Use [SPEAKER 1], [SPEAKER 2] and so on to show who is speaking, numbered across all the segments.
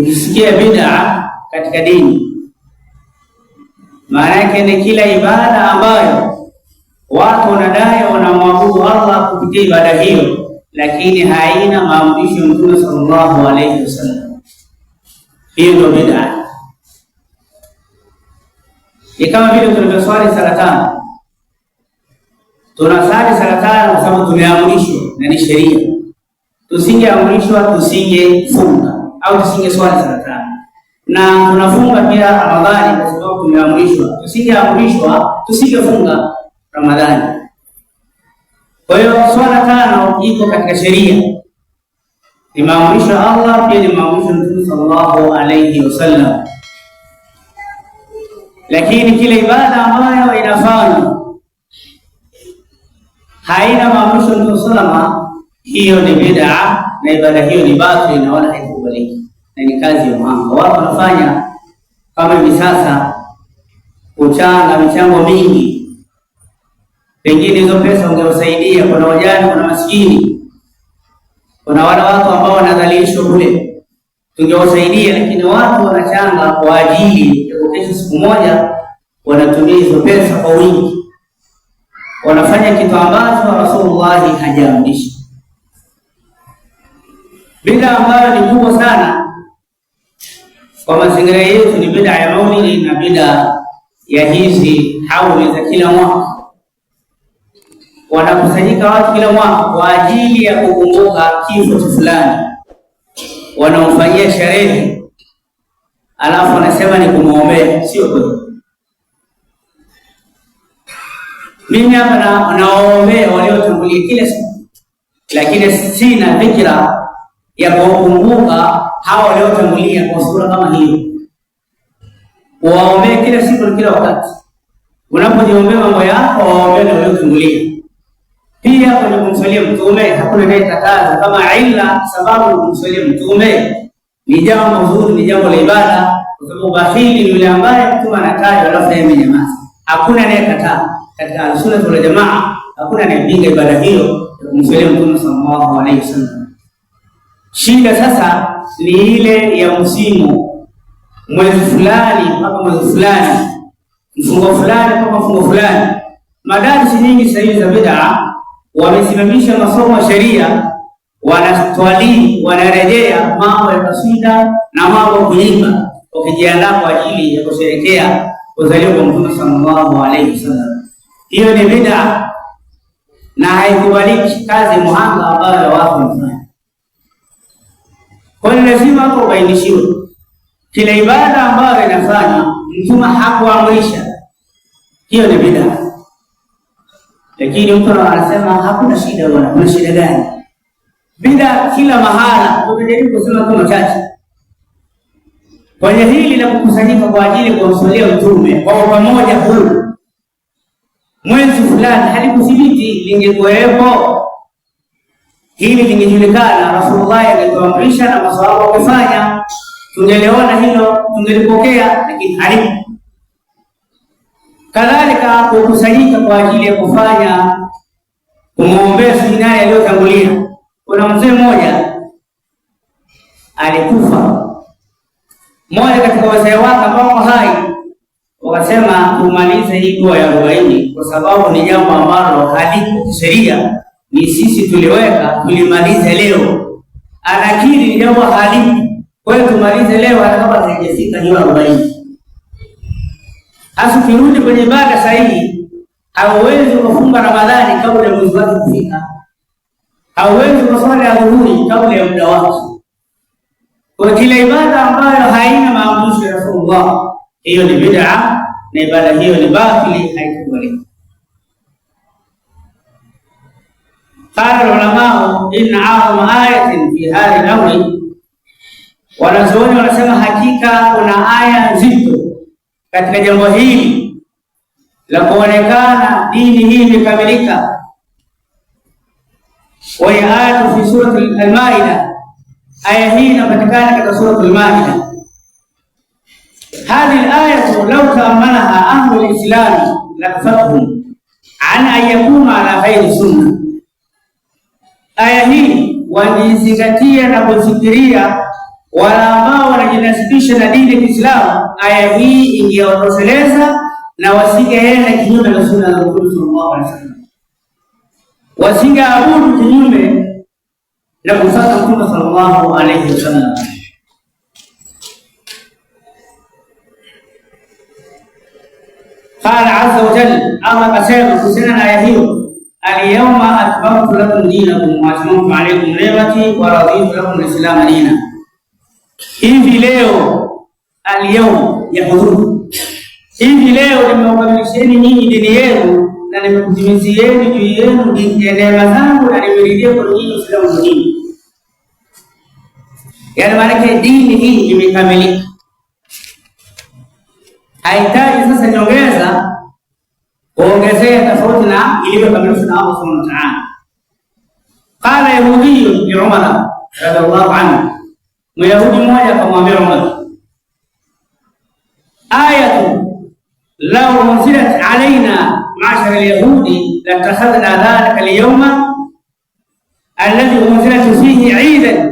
[SPEAKER 1] kujisikia bid'a katika dini, maana yake ni kila ibada ambayo watu wanadai wanamwabudu Allah kupitia ibada hiyo, lakini haina maamrisho Mtume sallallahu alayhi wasallam, hiyo ndio bid'a. Ni kama vile tunavyoswali sala tano, tunasali sala tano kwa sababu tumeamrishwa na ni sheria. Tusingeamrishwa tusingefunga au tusinge swali sana tano, na tunafunga pia Ramadhani kwa sababu tumeamrishwa. Tusingeamrishwa tusingefunga Ramadhani. Kwa hiyo swala tano iko katika sheria, limeamrishwa Allah, pia limeamrishwa Mtume sallallahu alayhi wasallam, lakini kile ibada ambayo inafanywa haina maamrisho Mtume salama, hiyo ni bid'a na ibada hiyo ni batili na wala kukubalika na ni kazi ya mwanga. Watu wanafanya kama hivi sasa kuchanga michango mingi, pengine hizo pesa ungewasaidia. Kuna wajane, kuna maskini, kuna wale watu ambao wanadhalilishwa kule, tungewasaidia. Lakini watu wanachanga kwa ajili ya kukesha siku moja, wanatumia hizo pesa kwa wingi, wanafanya kitu ambacho Rasulullah hajaamrisha. Bida ambayo ni kubwa sana kwa mazingira yetu ni bida ya maulidi na bida ya hizi hauli za kila mwaka. Wanakusanyika watu kila mwaka kwa ajili ya kukumbuka kifo cha fulani, wanaofanyia sherehe, alafu wanasema ni kumwombea. Sio kweli. Mimi hapa naomba waliotangulia kila siku, lakini sina fikra ya kuwakumbuka hawa waliotangulia kwa sura kama hiyo, waombee kila siku na kila wakati. Unapojiombea mambo yako, waombee na waliotangulia pia. Kwenye kumswalia Mtume hakuna anayekataza kama ila, sababu kumswalia Mtume ni jambo zuri, ni jambo la ibada, kwa sababu bakhili yule ambaye Mtume anataja alafu yeye amenyamaza. Hakuna anayekataa katika Ahlusunnah wal Jamaa, hakuna anayepinga ibada hiyo ya kumswalia Mtume sallallahu alaihi wasallam. Shida sasa ni ile ya msimu, mwezi fulani mpaka mwezi fulani, mfungo fulani mpaka mfungo fulani. Madarisi nyingi sasa hivi za bid'a wamesimamisha masomo ya sheria, wanatwalii, wanarejea mambo ya kasida na mambo ya kuimba, wakijiandaa kwa ajili ya kusherekea kuzaliwa kwa Mtume sallallahu alaihi wasallam. Hiyo ni bid'a na haikubaliki, kazi muhanga ambayo wako mfanya kwa hiyo lazima hapo ubainishiwe kila ibada ambayo inafanya mtuma hakuamrisha, hiyo ni bid'a. Lakini mtu anasema hakuna shida, bwana, kuna shida gani? Bid'a kila mahala. Tumejaribu kusema kwa machache kwenye hili la kukusanyika kwa ajili ya kumsalia mtume kwa pamoja, huu mwezi fulani halikuthibiti lingekuwepo Hili lingejulikana Rasulullah alituamrisha na masahaba wamefanya, tungeliona hilo tungelipokea, lakini halipo. Kadhalika kukusanyika kwa ajili ya kufanya kumwombea sujinai aliyotangulia. Kuna mzee mmoja alikufa, mmoja katika wazee wake ambao hai wakasema, tumalize hii dua ya arobaini kwa sababu ni jambo ambalo halipo kisheria ni sisi tuliweka, tulimalize leo. Anakiri ni jambo halifu, kwa hiyo tumalize leo hata kama haijafika hiyo arobaini. Hasa kirudi kwenye ibada sahihi, hauwezi kufunga Ramadhani kabla ya mwezi wake kufika, hauwezi kuswali adhuhuri kabla ya muda wake. Kwa kile ibada ambayo haina maamrisho ya Rasulullah, hiyo ni bid'a na ibada hiyo ni batili, haikubaliki. Qala ulamau inna a'zama ayatin fi hadhihi al-amri, wanazuoni wanasema hakika kuna aya nzito katika jambo hili la kuonekana dini hii imekamilika. Waya ayatu fi surati al-Maida, aya hii inapatikana katika surati al-Maida. Hadhihi al-ayatu law ta'ammalaha ahlu islam la an an ala ghairi sunnah aya hii walizingatia na kufikiria wala ambao wanajinasibisha na dini ya Kiislamu, aya hii ingewaondozeleza na wasingeenda kinyume na sunna za Mtume sallallahu alaihi wasallam, wasingeabudu kinyume na kufuata Mtume sallallahu alaihi wasallam. Qala azza wa jalla, ama akasema kuhusiana na aya hiyo Alyawma akmaltu lakum dinakum wa atmamtu alaykum ni'mati wa raditu lakum al dina. Hivi leo alyawm ya hivi leo nimewakamilisheni nyinyi dini yenu na nimekutimizieni juu yenu neema zangu na nimeridhia kwa nyinyi Uislamu mzima. Yaani maanake dini hii imekamilika, haitaji sasa nyongeza وقزيت صوتنا رسول الله تعالى قال يهودي لعمر رضي الله عنه ويهودي مويا كما عمر آية لو أنزلت علينا معشر اليهود لاتخذنا ذلك اليوم الذي أنزلت فيه عيدا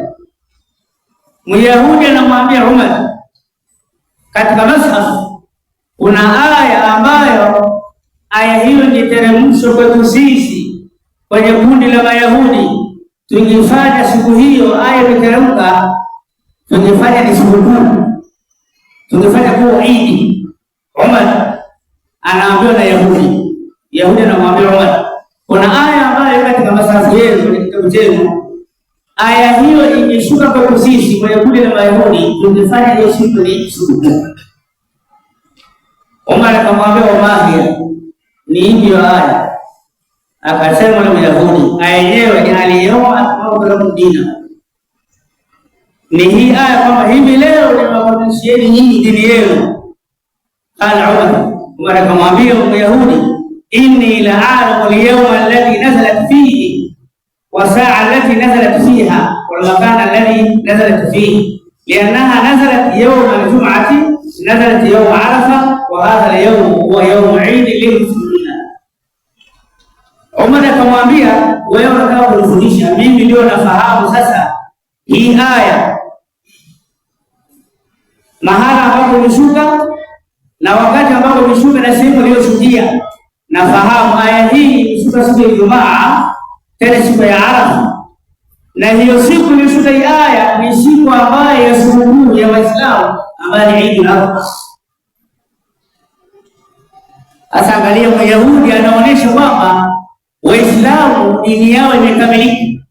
[SPEAKER 1] ويهودي لما عمر كتب مصحف هنا آية أمبايو Aya hiyo ni teremsho kwetu sisi kwenye kundi la Mayahudi. Tukifanya siku hiyo aya imeteremka, tukifanya ni sikukuu, tukifanya kuwa Idi. Umar anaambiwa na Yahudi, Yahudi anamwambia Umar, kuna aya ambayo katika masafu yenu kwenye kitabu chenu aya hiyo ingeshuka kwetu sisi kwenye kundi la Mayahudi, tukifanya hiyo siku ni sikukuu. Umar akamwambia Umahia ni hivyo haya. Akasema Myahudi aelewe aliyeoa akauza lakum dina. Ni hii aya kwamba hivi leo nimewarudishieni nyinyi dini yenu. Qala Umar, Umar akamwambia Myahudi, inni la alamu alyawma alladhi nazalat fihi wa saa allati nazalat fiha wal makan alladhi nazalat fihi liannaha nazalat yawma aljum'ati nazalat yawma arafa wa hadha alyawm huwa yawm 'idi lilmuslimin Omar akamwambia wewe unataka kunifundisha mimi, ndio nafahamu sasa hii aya mahala ambapo imeshuka na wakati ambapo imeshuka na sehemu iliyoshukia. Nafahamu aya hii imeshuka siku ya Ijumaa, tena siku ya Arafa, na hiyo siku iliyoshuka hii aya ni siku ambayo ya sikukuu ya Waislamu ambayo ni Eid al-Adha. Sasa angalia, Myahudi anaonyesha kwamba Waislamu dini yao imekamilika.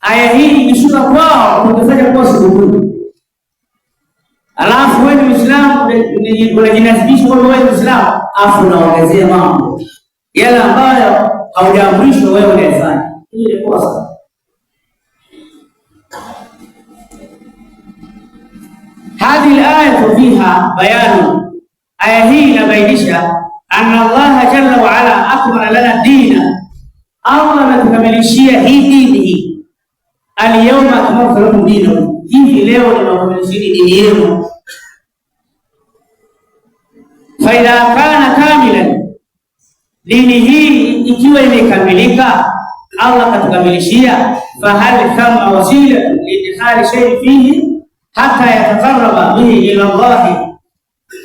[SPEAKER 1] Aya hii imeshuka kwao kutufanya kuwa sikukuu, alafu wewe Muislamu unajinasibisha kwamba wewe Muislamu afu unaongezea mambo yale ambayo haujaamrishwa wewe unayefanya. Hii ni kosa. Hadhihi al-ayatu fiha bayanu, aya hii inabainisha anna Allah jalla wa ala akmala lana Allah anatukamilishia hii dini hii Alyawma akmaltu lakum dinakum, hivi leo nimewakamilishia dini yenu. Fa idha kana kamilan, dini hii ikiwa imekamilika, Allah katukamilishia. Fahal thama wasila liidkhali shay fihi hata yatakaraba bihi ila Allah,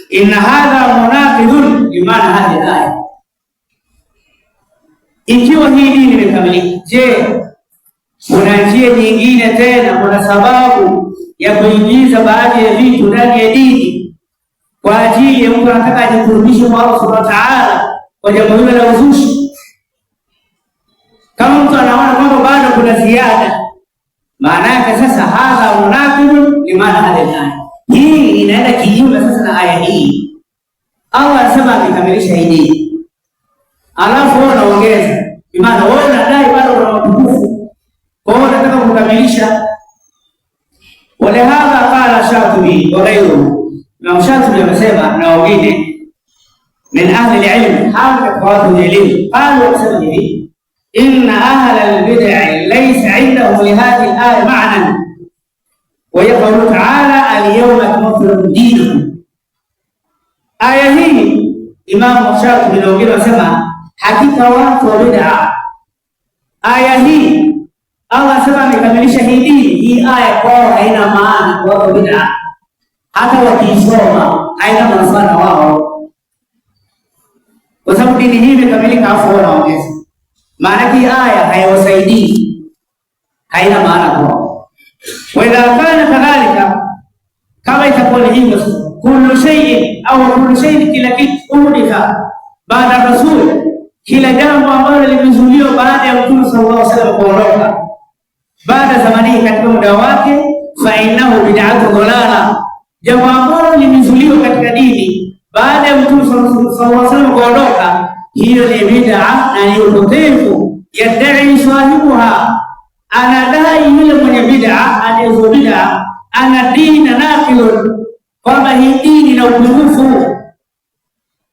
[SPEAKER 1] inna hadha munaqidun limaana hadhihi al-aya ikiwa hii dini imekamilika, je, kuna njia nyingine tena? Kuna sababu ya kuingiza baadhi ya vitu ndani ya dini kwa ajili ya mtu anataka ajikurubishe kwa Allah subhanahu wa ta'ala kwa jambo hilo la uzushi? Kama mtu anaona kwamba bado kuna ziada, maana yake sasa hadha munafidu limana hadekani, hii inaenda kinyume sasa na aya hii. Allah anasema akikamilisha hii dini alafu wewe unaongeza, maana wewe unadai bado una mapungufu, kwa hiyo unataka kukamilisha. Walehadha qala Shatibi wa ghayruhu, Imam Shatibi amesema na wengine min ahli alilm, hata kwa watu wenye elimu, qalu wasema hivi inna ahla albid'i laysa indahum lihadhihi alaya ma'nan wa yaqulu ta'ala alyawma akmaltu lakum dinakum. Aya hii Imam Shatibi na wengine wasema hakika watu wa bid'a. Aya hii Allah sema amekamilisha hii dini. Hii aya kwao haina maana kwa watu wa bid'a, hata wakiisoma haina manufaa wao, kwa sababu dini hii imekamilika, afu wanaongeza. Maana hii aya haiwasaidii, haina maana kwao. Wala kana kadhalika, kama itakuwa ni hivyo, kullu shay'in au kullu shay'in, kila kitu umdika baada rasuli kila jambo ambalo limezuliwa baada ya Mtume sallallahu alaihi wasallam kuondoka baada ya zamani katika muda wake, fa innahu bid'atu dhalala, jambo ambalo limezuliwa katika dini baada ya Mtume sallallahu alaihi wasallam kuondoka, hiyo ni bid'a na ni upotevu. Yadai sahibuha, anadai yule mwenye bid'a aliyezo bid'a ana na naqilun, kwamba hii dini na upungufu.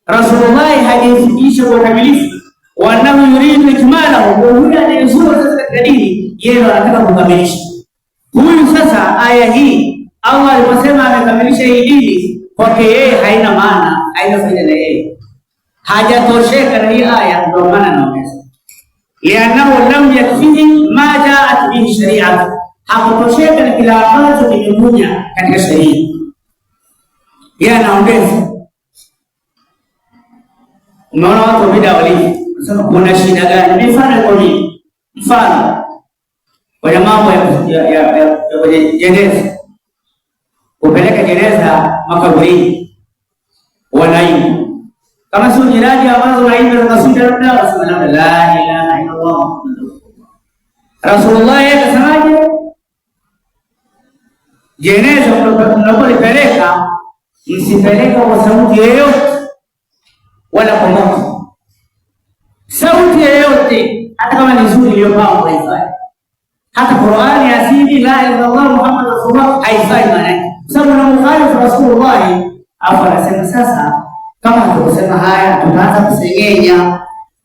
[SPEAKER 1] Rasulullah hajifikisha kwa kamilifu wanao yuridu ikmalahu, ndio yule anayezuru sasa kadiri yeye anataka kukamilisha. Huyu sasa aya hii Allah aliposema amekamilisha hii dini kwake yeye haina maana, haina faida na yeye hajatosheka na hii aya, ndio maana anaongeza liannahu lam yakfihi ma jaat bihi sharia hakutosheka na kila ambacho kimekuja katika sharia Yeye anaongeza. unaona watu wa bid'a walivyo kuna shida gani? Mifano iko mingi. Mfano kwenye mambo ya kwenye jeneza, kupeleka jeneza makaburini, wanaimba kama sio jirani ambazo wanaimba za kasida, labda la ilaha illa Rasulullah akasemaje? Jeneza mnapolipeleka msipeleka kwa sauti yoyote wala kwa moto sauti yoyote, hata kama ni nzuri, iliyopangwa haifai. Hata Qur'ani asili la ilaha illallah Muhammad rasulullah haifai maana yake, kwa sababu na mukhalifu rasulullah. Alafu anasema sasa, kama hatukusema haya, tunaanza kusengenya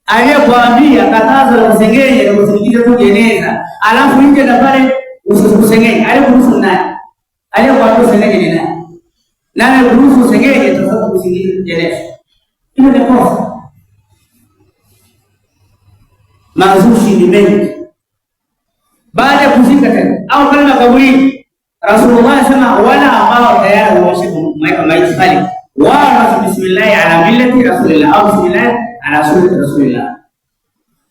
[SPEAKER 1] aliyekwambia katazo la kusengenya, na nakusindikiza tu jeneza, alafu nje na pale usikusengenya. Aliyekuruhusu ni nani? Aliyekwambia usengenye ni nani? Nani alikuruhusu usengenye? Tunataka kusindikiza jeneza, hiyo ni kosa mazushi ni mengi. Baada ya kuzika tena au kana na makaburini, Rasulullah asema wala ambao tayari mweka maiti pale, wala bismillah ala millati rasulillah au bismillah ala sunnati rasulillah,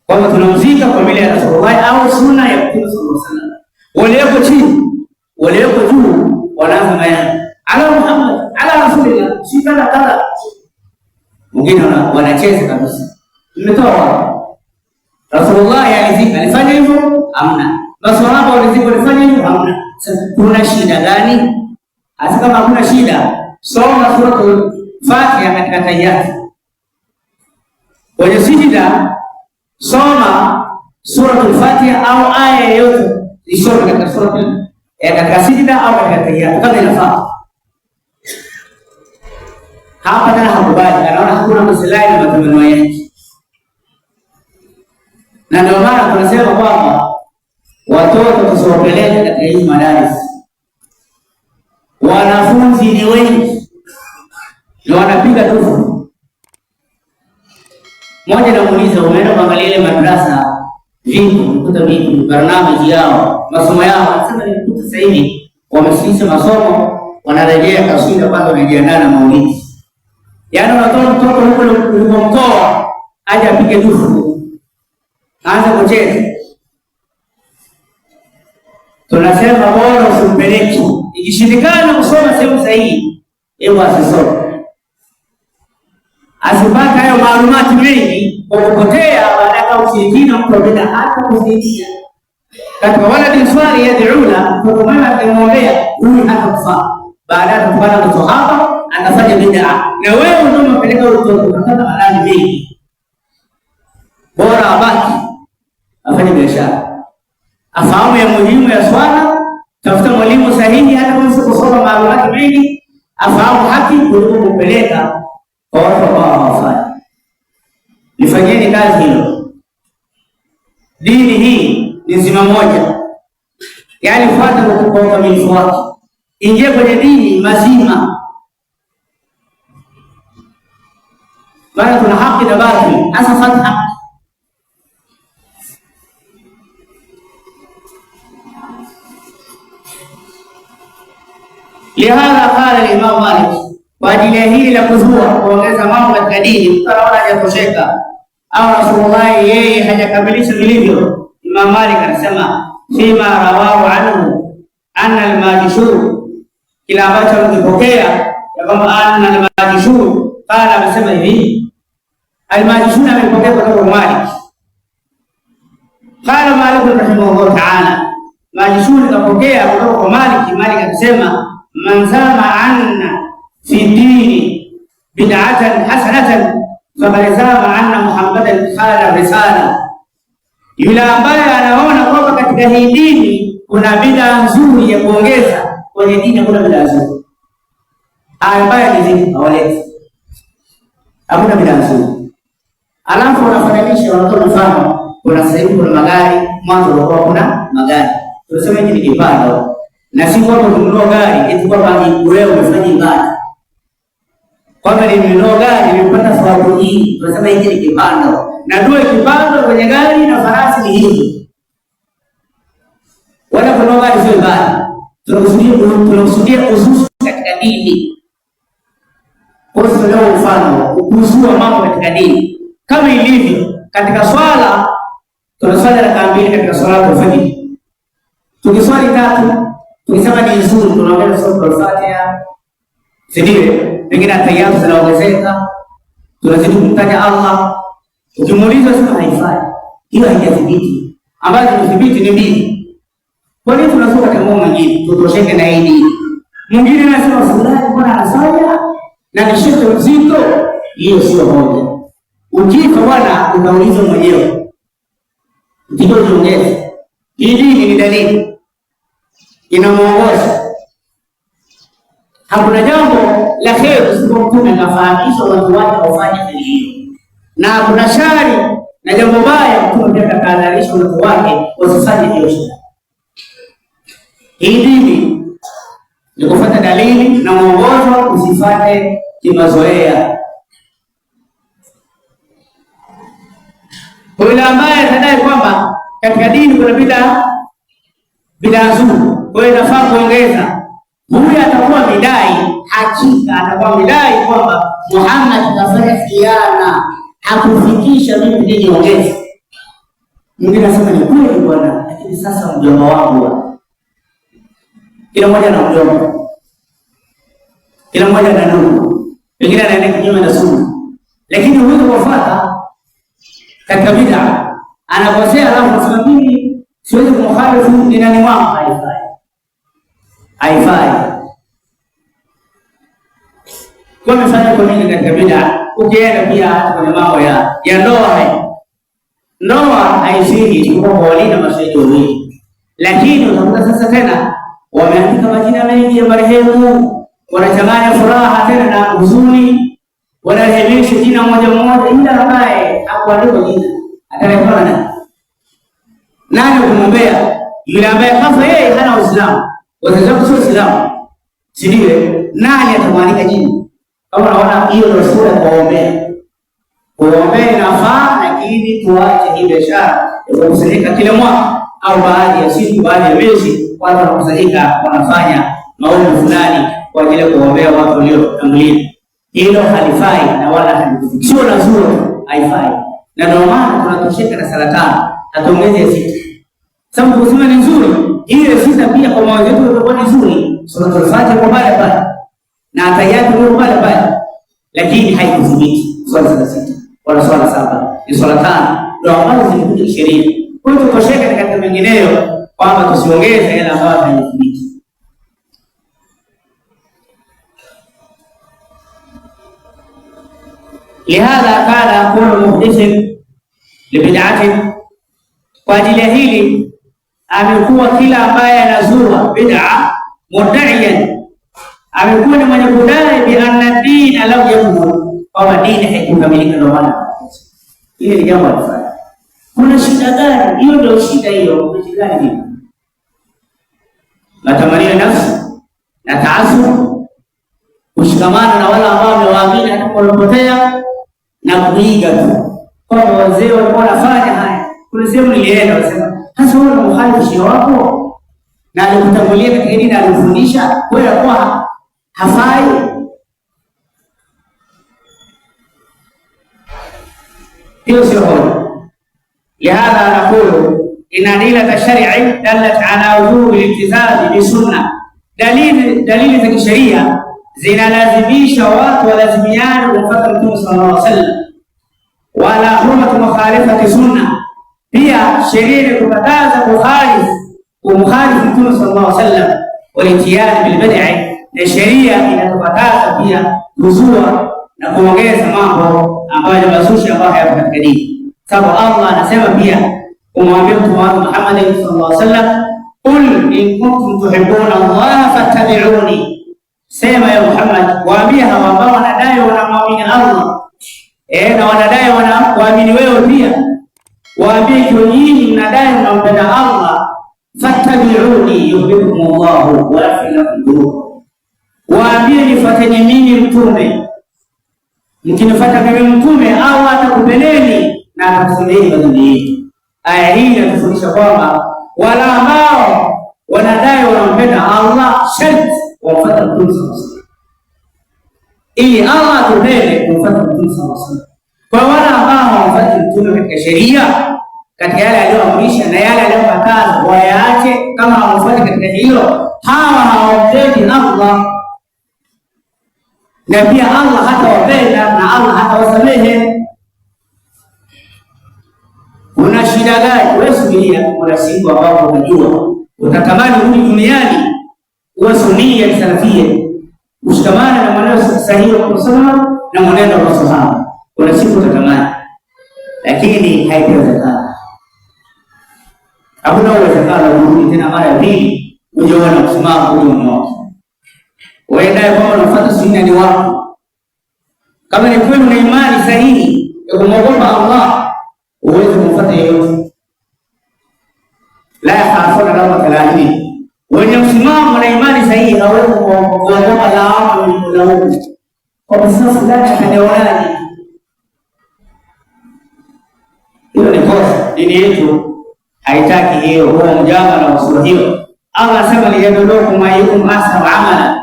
[SPEAKER 1] kwamba tunamzika kwa mila ya Rasulullah au sunna ya Mtume sallallahu alaihi wasallam. Wale Walioko chini, wale walioko juu wanaanza maya ala Muhammad ala rasulillah, si kana kala. Wengine wanacheza kabisa, mmetoa Rasulullah yalizika alifanya hivyo? Hamna. Maswahaba walizika walifanya hivyo? Hamna. Sasa kuna shida gani? Hasa kama hakuna shida, soma suratul Fatiha katika tayati. Kwenye sijida soma suratul Fatiha au aya yoyote isome katika suratul ya eh, katika sijida au katika tayati kama inafaa. Hapa tena hakubali, anaona hakuna maslahi na matumizi yake na ndio maana tunasema kwamba watoto tusiwapeleke katika hizi madarasa. Wanafunzi ni wengi na wanapiga tufu. Mmoja namuuliza, umeenda kuangalia ile madrasa vipi? Kuta vipi barnamiji yao masomo yao? Sasa nikuta sasa hivi wamesilisha masomo, wanarejea kaswida, kwanza wanajiandaa na maulidi. Yaani unatoa mtoto huko mkoa aje apige dufu anza kucheza. Tunasema bora usimpeleke, ikishindikana kusoma sehemu sahihi, hebu asisome, asipata hayo maalumati mengi kwa kupotea. Baada ya ushirikina, mtu bila hata kusikia katika waladi swali yad'una, mtu mwema akimwombea huyu atakufa, baadaye atakupata mtu hapa anafanya bid'a, na wewe unampeleka utoto, unapata madhambi mengi, bora abaki afanye biashara, afahamu ya muhimu ya swala, tafuta mwalimu sahihi, hata kama kusoma maalumati mengi, afahamu haki kuliko kupeleka kwa watu ambao hawafanyi. Nifanyeni kazi hiyo. Dini hii ni zima moja, yaani fuata kwa ukamilifu wake, ingie kwenye dini mazima, maana kuna haki na batili, hasa fata Lihadha qala Imam Malik, kwa ajili ya hili la kuzua kuongeza mambo katika dini, mtu anaona hajakosheka au Rasulullah yeye hajakamilisha vilivyo. Imam Malik anasema fima rawahu anhu anna al-majshur, kila ambacho amekipokea ya kwamba anna al-majshur qala, amesema hivi al-majshur amepokea kutoka kwa Malik qala Malik rahimahullah ta'ala, majshur kapokea kutoka kwa Malik. Malik akasema manzama anna fi dini bid'atan hasanatan fakarizama anna Muhammadan qala risala, yule ambaye anaona kwamba katika hii dini kuna bid'a nzuri ya kuongeza kwenye dini, hakuna bid'a nzuri ambayo nizidi hawaleti, hakuna bid'a nzuri. Alafu wanafananisha wanatoa mfano, kuna sehemu kuna magari, mwanzo ulikuwa kuna magari, tunasema hiki ni kibanda na si kwamba kununua gari eti kwamba wewe umefanya ibada, kwamba nimenunua gari nimepata sababu hii. Tunasema hiki ni kipando, na dua kipando kwenye gari na farasi ni hii. Wala kununua gari sio ibada, tunakusudia uzushi katika dini. Kwa hiyo ndio mfano ukuzua mambo katika dini, kama ilivyo katika swala. Tunaswali rakaa mbili katika swala ya tukiswali tatu tukisema ni nzuri, tunaongeza sura Fatiha, si ndiyo? Pengine atayamu zinaongezeka, tunazidi kumtaja Allah. Ukimuuliza sema haifai, hiyo haijathibiti. Ambazo zimethibiti ni mbili. Kwa nini tunasoma katika mambo mengine tutosheke na hili mwingine? Nasema fulani bwana anasaya na kishoto shekhe mzito, hiyo sio hoja. Ukifa bwana, utauliza mwenyewe, ukija ujiongeze. Hii dini ni dalili inamwongoza. Hakuna jambo la kheri isipokuwa anafahamishwa watu wake wafanye hali hiyo, na hakuna shari na jambo baya akahadharisha watu wake wasifanye hiyo shari. Hii dini ni kufuata dalili na mwongozo, usifate kimazoea. Yule ambaye atadai kwamba katika dini kuna bidaa bidaa nzuri kwa hiyo inafaa kuongeza, huyu atakuwa midai, hakika atakuwa midai kwamba Muhammad kafanya khiana, hakufikisha mimi nijiongeze. Mwingine anasema ni kweli bwana, lakini sasa mjomba wangu, kila mmoja na mjomba, kila mmoja na ndugu, wengine anaenda kinyume na sunna, lakini huyu kufuata katika bid'a, anakosea alafu anasema mimi siwezi kumkhalifu ni nani wangu haifai haifai kwa mifano kwa nini katika bid'a. Ukienda pia hata kwenye mambo ya ya ndoa, hai ndoa haisiri kwa wali na mashahidi wawili, lakini utakuta sasa tena wameandika majina mengi ya marehemu, wanachanganya furaha tena na huzuni, wanarehemisha jina moja moja, ila ambaye hakuandikwa jina atalekana nani kumwombea yule ambaye hasa yeye hana Uislamu wazangu sio Waislamu, si ndiyo? Nani atamwalika jini? Kama naona hiyo ndio sura ya kuwaombea, kuwaombea inafaa, lakini tuache hii biashara ya kukusanyika kila mwaka au baadhi ya siku, baadhi ya mwezi, watu wanakusanyika wanafanya maombi fulani kwa ajili ya kuombea watu waliotangulia. Hilo halifai na wala sio na zuri, haifai. Na ndio maana tunatosheka na sala tano, hatuongeze sita, sababu kusema ni nzuri ile fitna pia kwa mawazo yetu itakuwa ni nzuri, sura zote kwa baya baya na atayatu ni baya baya, lakini haikudhibiti swala za sita wala swala saba ni swala tano, ndio ambazo zimekuja kisheria. Kwa hiyo tutosheke katika mengineyo kwamba tusiongeze yale ambayo haikudhibiti. Lihadha kana kuna muhdithin libid'atin, kwa ajili ya hili amekuwa kila ambaye anazua bid'a mudaiyan, amekuwa ni mwenye kudai bi anna dina lam yakmul, kwamba dini haikukamilika. Ndio maana ile ni jambo la kuna shida gani? Hiyo ndio shida hiyo, kuna shida gani? Natamania nafsi na taasub, kushikamana na wale ambao wamewaamini atakapotea na kuiga tu, kwamba wazee walikuwa wanafanya haya. Kuna sehemu nilienda wasema sasa wewe unamhali shia wako na alikutangulia katika dini na alikufundisha wewe kwa hafai. Hiyo sio hoja. Lihadha naqulu ina adilata shari dalat ala wujubi liltizazi bisunna, dalili dalili za kisheria zinalazimisha watu walazimiane kumfuata Mtume sallallahu alaihi wasallam, wala hurmatu mukhalafati sunna pia sheria inakukataza kuhalifu kumhalifu Mtume sallallahu alaihi wasallam walitiani bilbidai, na sheria inatukataza pia kuzua na kuongeza mambo ambayo ni mazushi ambayo hayapo katika dini, sababu Allah anasema pia kumwambia mtume wake Muhammad sallallahu alaihi wasallam, qul in kuntum tuhibbuna Allah fattabi'uni, sema ya Muhammad, waambie hawa ambao wanadai wanamwamini Allah eh na wanadai wanakuamini wewe pia waambie nyinyi mnadai mnampenda Allah, fattabiuni yuhibbukum Allahu wa yaghfir lakum dhunubakum, waambie nifuateni mimi mtume, mkinifuata mimi mtume Allah atakupendeni na atakusamehe madhambi yenu. Aya hii inatufundisha kwamba wala ambao wanadai wanampenda Allah sharti wamfuata mtume sallallahu ili Allah atupende kumfuata mtume sallallahu Kwa wale ambao hawamfuati mtume katika sheria katika yale aliyoamrisha na yale aliyokataza wayaache. Kama hawafuati katika hilo, hawa hawampendi Allah, na pia Allah hatawapenda na Allah hatawasamehe. Una shida gani? Wewe subiria, kuna siku ambapo unajua utatamani huli duniani uwe sunia salafia, ushikamana na maneno sahihi ya Qur'an na maneno ya masahaba. Kuna siku utatamani, lakini haitawezekana. Hakuna uwezekano kurudi tena mara mbili uje uwe na msimamo ule mmoja. kwa kwamba unafuata sunna ni wako, kama ni kweli una imani sahihi ya kumwogopa Allah, uweze kumfuata yeyote. la hasana lawmata la'im, wenye msimamo na imani sahihi hawezi kuogopa lawama huko. kwa sababu ndani ya fulani akaneonaje. Hilo ni kosa dini yetu haitaki hiyo, huo mjama na usura hiyo. Allah anasema liyabluwakum ayyukum ahsanu amala,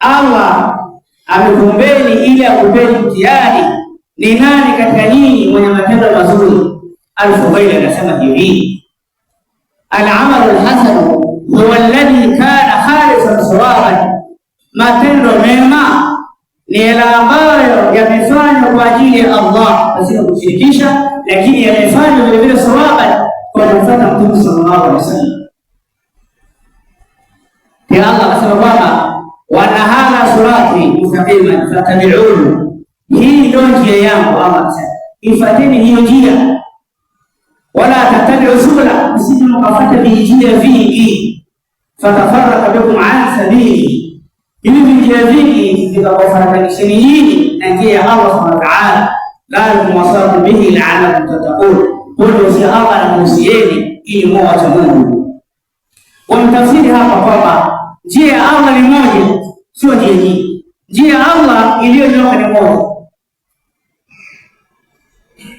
[SPEAKER 1] Allah amekumbeni ili akupeni mtihani ni nani katika nyinyi mwenye matendo mazuri. Al-Fudail anasema hivi, alamalu amalu huwa alladhi kana khalisan sawaban, matendo mema ni yale ambayo yamefanywa kwa ajili ya Allah, asio kushirikisha, lakini yamefanywa vile vile sawaban قد وفاة النبي صلى الله عليه وسلم يا الله أسأل الله وأن هذا صراطي مستقيما فاتبعوه hii ndio njia yangu. Allah asema ifateni hiyo njia, wala tattabiu subula, msije mkafuata vijia vingi, fatafaraka bikum an sabili, hivi vijia vingi vikakufarakanisheni nyinyi na njia ya Allah subhanahu wa ta'ala, dhalikum wasakum bihi la'allakum tattaqun Ndio usia hapa anakuhusieni ili muwe watu Mungu. Wamtafsiri hapa kwamba njia ya Allah ni moja, sio njia nyingi. Njia ya Allah iliyonyooka ni moja,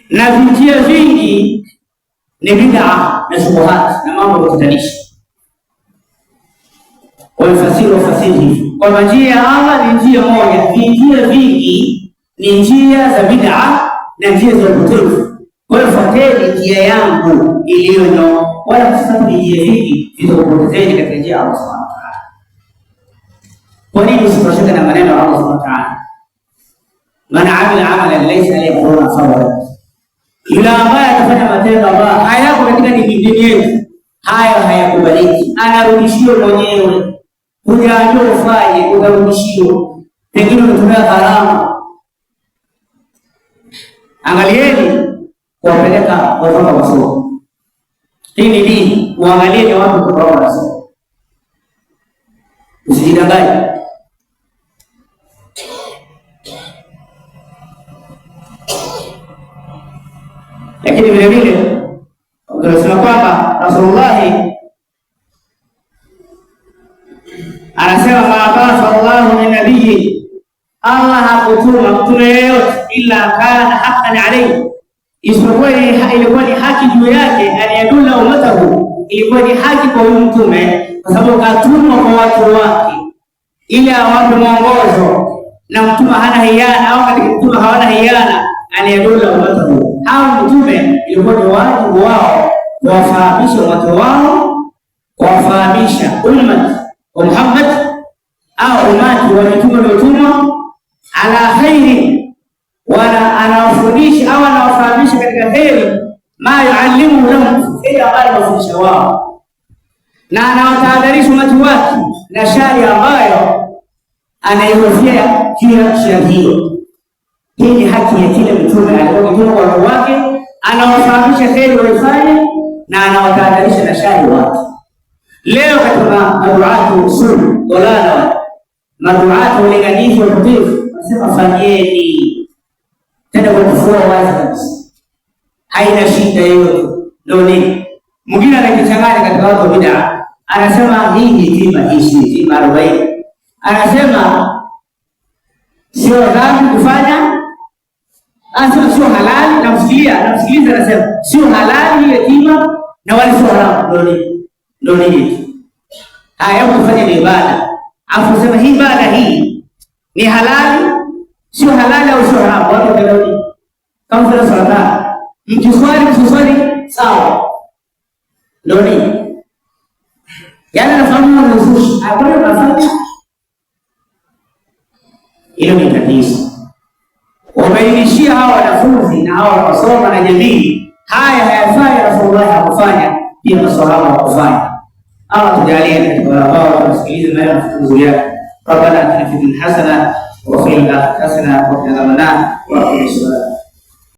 [SPEAKER 1] na vinjia vingi ni bid'a na shubuhat na mambo ya kutatanisha. Wamfasiri wafasiri hivi kwamba njia ya Allah ni njia moja, vinjia vingi ni njia za bid'a na njia za upotovu wala fuateni njia yangu iliyonyo, wala msifuate njia hizi zilizokupotezeni katika njia ya Allah subhanahu wa ta'ala. Kwa nini usipashike na maneno ya Allah subhanahu wa ta'ala? Man amila amala laysa alayhi amruna fahuwa yule ambaye atafanya matendo ambayo hayako katika dini yetu, hayo hayakubaliki, anarudishiwa mwenyewe. Hujaambiwa ufanye, utarudishiwa. Pengine umetumia gharama. Angalieni kuwapeleka watoto masomo. Hii ni dini, uangalie ni wapi watoto wako usijidanganye. Lakini vile vile tunasema kwamba Rasulullahi anasema maabasa llahu min nabiyi, Allah hakutuma mtume yeyote illa kana haqqan alayhi isipokuwa ilikuwa ni haki juu yake, anayadula umatahu, ilikuwa ni haki kwa huyu mtume, kwa sababu katumwa kwa watu wake ili awape mwongozo, na mtume hana hiana au katika mtume hawana hiana, anayadula umatahu au mtume ilikuwa ni wajibu wao kuwafahamisha watu wao, kuwafahamisha umma wa Muhammad au umati wa mitume waliotumwa ala khairi wala anawafundisha au anawafahamisha katika heri ma yuallimu lahum, heri ambayo anawafundisha wao, na anawatahadharisha umati wake na shari ambayo anaihofia juu ya shari hiyo. Hii ni haki ya kila mtume alikuwa kwa roho wake, anawafahamisha heri waifanye na anawatahadharisha na shari wake. Leo katika maduatu sulu dolala maduatu ulinganifu wa kutifu nasema fanyeni Nenda kufua wazi, haina shida yoyote. Ndio nini mwingine anakichanganya katika watu wa anasema hii ni tiba, hii ni tiba arobaini. Anasema sio dhambi kufanya, anasema sio halali. Namsikilia, namsikiliza, anasema sio halali ile tiba na wale sio haramu. Ndio nini, ndio nini haya, kufanya ni ibada, afu sema hii ibada hii ni halali sio halali au sio haramu. Watu watarudi kama vile swala, mkiswali msiswali sawa, ndio ni yaani nafahamu na uzushi hakuna nafahamu. Hilo ni tatizo, wameilishia hawa wanafunzi na hawa wasoma na jamii. Haya hayafai, Rasulullah hakufanya, pia maswahaba hakufanya. Hawa tujalie katika ambao tunasikiliza nayo mafunzo yake ربنا اتنا في الدنيا حسنه وفي الاخره حسنه وقنا عذاب النار واقم الصلاه